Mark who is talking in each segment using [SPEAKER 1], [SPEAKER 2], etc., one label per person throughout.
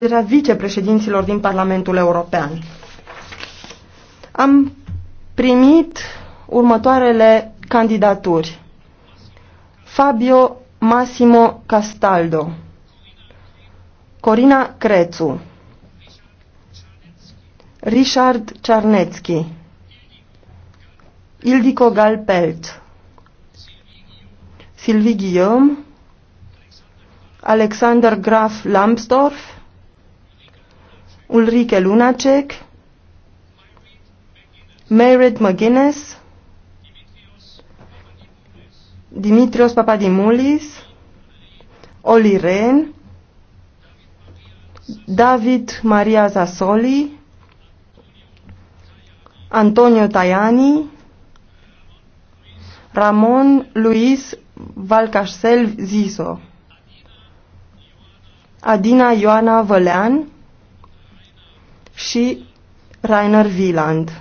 [SPEAKER 1] alegerea vicepreședinților din Parlamentul European. Am primit următoarele candidaturi. Fabio Massimo Castaldo, Corina Crețu, Richard Czarnecki, Ildiko Galpelt, Sylvie Guillaume, Alexander Graf Lambsdorff, Ulrike Lunacek, Merit McGuinness, Dimitrios Papadimoulis, Oli Rehn, David Maria Zasoli, Antonio Tajani, Ramon Luis Valcarcel Ziso, Adina Ioana Vălean, și Rainer Wieland.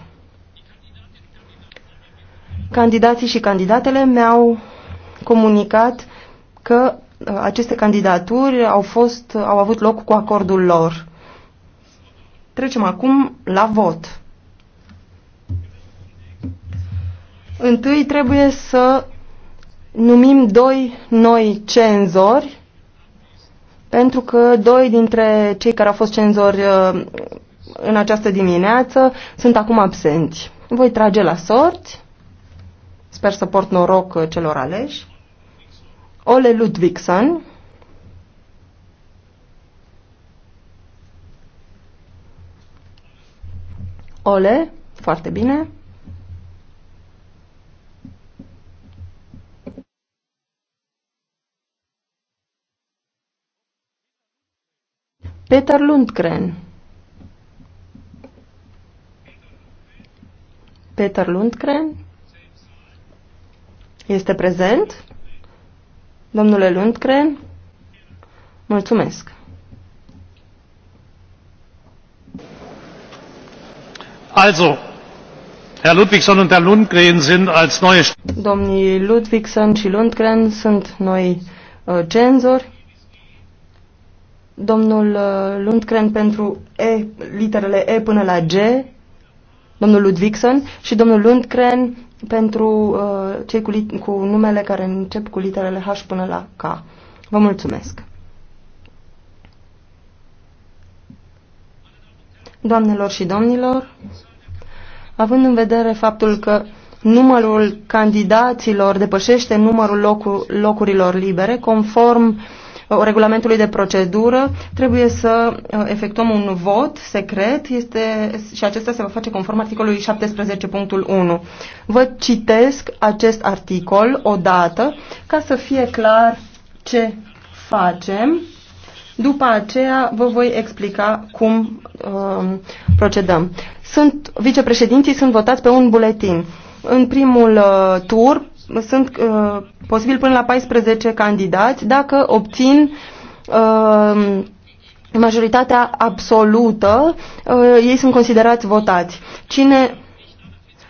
[SPEAKER 1] Candidații și candidatele mi-au comunicat că uh, aceste candidaturi au, fost, uh, au avut loc cu acordul lor. Trecem acum la vot. Întâi trebuie să numim doi noi cenzori, pentru că doi dintre cei care au fost cenzori uh, în această dimineață sunt acum absenți. Voi trage la sorți. Sper să port noroc uh, celor aleși. Ole Ludvigson. Ole, foarte bine. Peter Lundgren. Peter Lundgren este prezent. Domnule Lundgren, mulțumesc. Also, Herr Ludwigson und Herr Lundgren sind als neue Domnii Ludwigson și Lundgren sunt noi uh, genzori. Domnul uh, Lundgren pentru e, literele E până la G domnul Ludvigson și domnul Lundgren pentru uh, cei cu, cu numele care încep cu literele H până la K. Vă mulțumesc! Doamnelor și domnilor, având în vedere faptul că numărul candidaților depășește numărul locu- locurilor libere, conform uh, Uh, regulamentului de procedură, trebuie să uh, efectuăm un vot secret este, și acesta se va face conform articolului 17.1. Vă citesc acest articol odată ca să fie clar ce facem. După aceea vă voi explica cum uh, procedăm. Sunt, vicepreședinții sunt votați pe un buletin. În primul uh, tur, sunt uh, posibil până la 14 candidați dacă obțin uh, majoritatea absolută, uh, ei sunt considerați votați. Cine,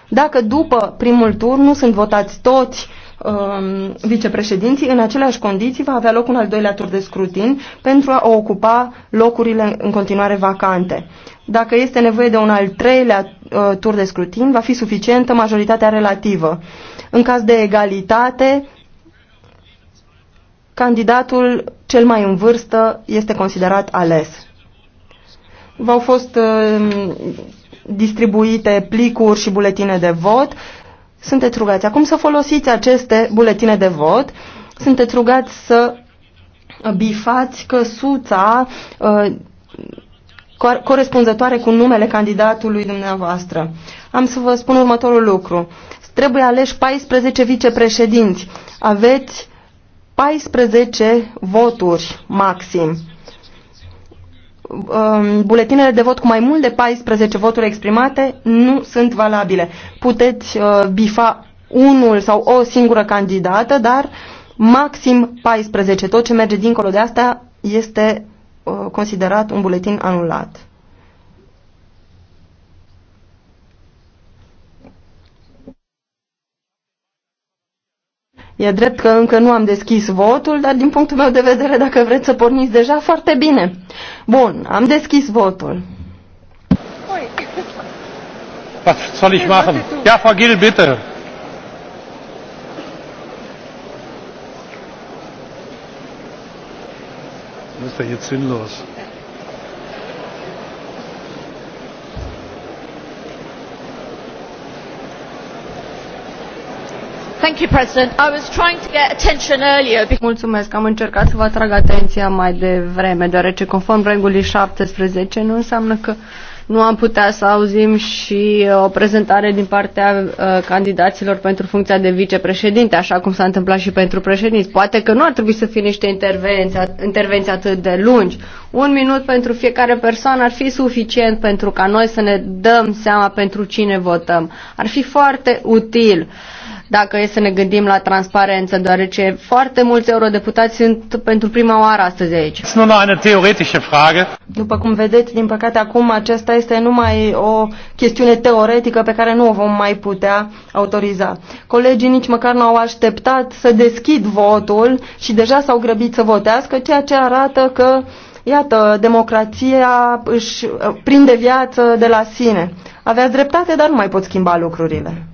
[SPEAKER 1] dacă după primul tur nu sunt votați toți uh, vicepreședinții, în aceleași condiții va avea loc un al doilea tur de scrutin pentru a ocupa locurile în continuare vacante. Dacă este nevoie de un al treilea uh, tur de scrutin, va fi suficientă majoritatea relativă. Uh, în caz de egalitate, candidatul cel mai în vârstă este considerat ales. V-au fost um, distribuite plicuri și buletine de vot. Sunteți rugați acum să folosiți aceste buletine de vot. Sunteți rugați să bifați căsuța uh, corespunzătoare cu numele candidatului dumneavoastră. Am să vă spun următorul lucru. Trebuie aleși 14 vicepreședinți. Aveți 14 voturi maxim. Um, buletinele de vot cu mai mult de 14 voturi exprimate nu sunt valabile. Puteți uh, bifa unul sau o singură candidată, dar maxim 14. Tot ce merge dincolo de asta este uh, considerat un buletin anulat. E drept că încă nu am deschis votul, dar din punctul meu de vedere, dacă vreți să porniți deja, foarte bine. Bun, am deschis votul. Was soll ich machen? Ja, Frau Gill, bitte. Das ist ja er jetzt sinnlos. Mulțumesc, am încercat să vă atrag atenția mai devreme, deoarece conform regulii 17 nu înseamnă că nu am putea să auzim și uh, o prezentare din partea uh, candidaților pentru funcția de vicepreședinte, așa cum s-a întâmplat și pentru președinți. Poate că nu ar trebui să fie niște intervenții, atât de lungi. Un minut pentru fiecare persoană ar fi suficient pentru ca noi să ne dăm seama pentru cine votăm. Ar fi foarte util. Uh, dacă e să ne gândim la transparență, deoarece foarte mulți eurodeputați sunt pentru prima oară astăzi aici. După cum vedeți, din păcate acum aceasta este numai o chestiune teoretică pe care nu o vom mai putea autoriza. Colegii nici măcar nu au așteptat să deschid votul și deja s-au grăbit să votească, ceea ce arată că iată, democrația își uh, prinde viață de la sine. Aveați dreptate, dar nu mai pot schimba lucrurile.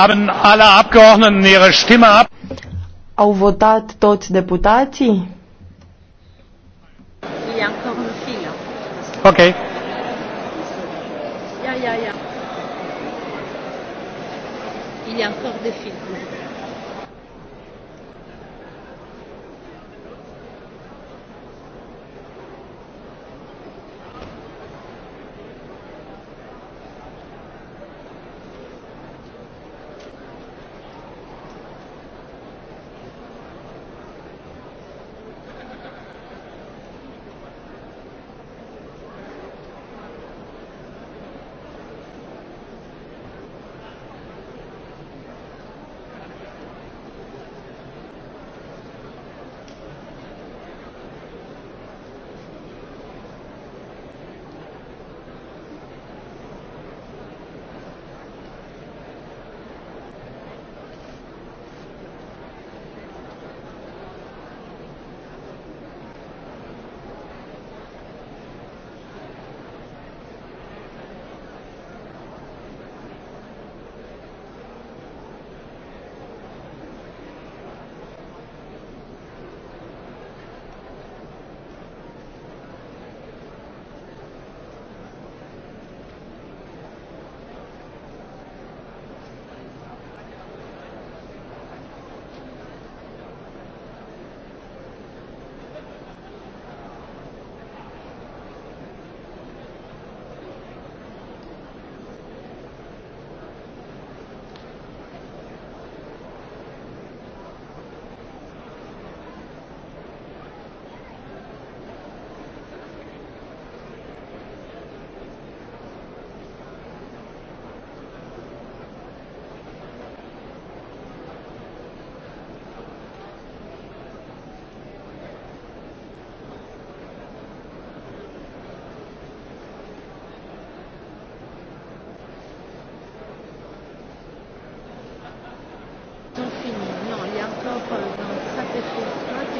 [SPEAKER 1] Haben alle Abgeordneten ihre Stimme ab? Au votat toți deputații? Ok. Il y a encore des films.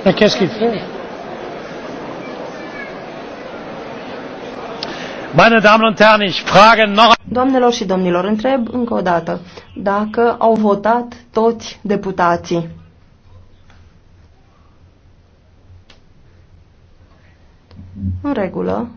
[SPEAKER 1] Mais qu'est-ce qu'il fait Doamnelor și domnilor, întreb încă o dată dacă au votat toți deputații. În regulă.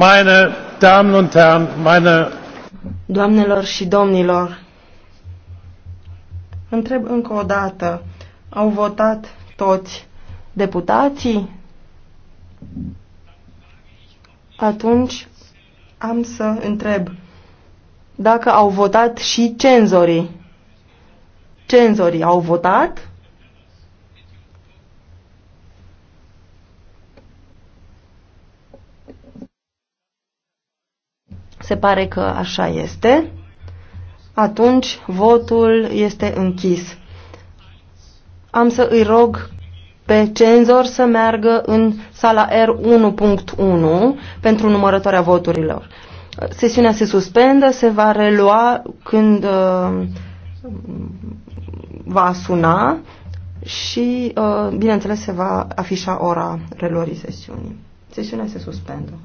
[SPEAKER 1] meine Damen und Herren, meine Doamnelor și domnilor, întreb încă o dată, au votat toți deputații? Atunci am să întreb dacă au votat și cenzorii. Cenzorii au votat? Se pare că așa este. Atunci votul este închis. Am să îi rog pe cenzor să meargă în sala R1.1 pentru numărătoarea voturilor. Sesiunea se suspendă, se va relua când uh, va suna și, uh, bineînțeles, se va afișa ora reluării sesiunii. Sesiunea se suspendă.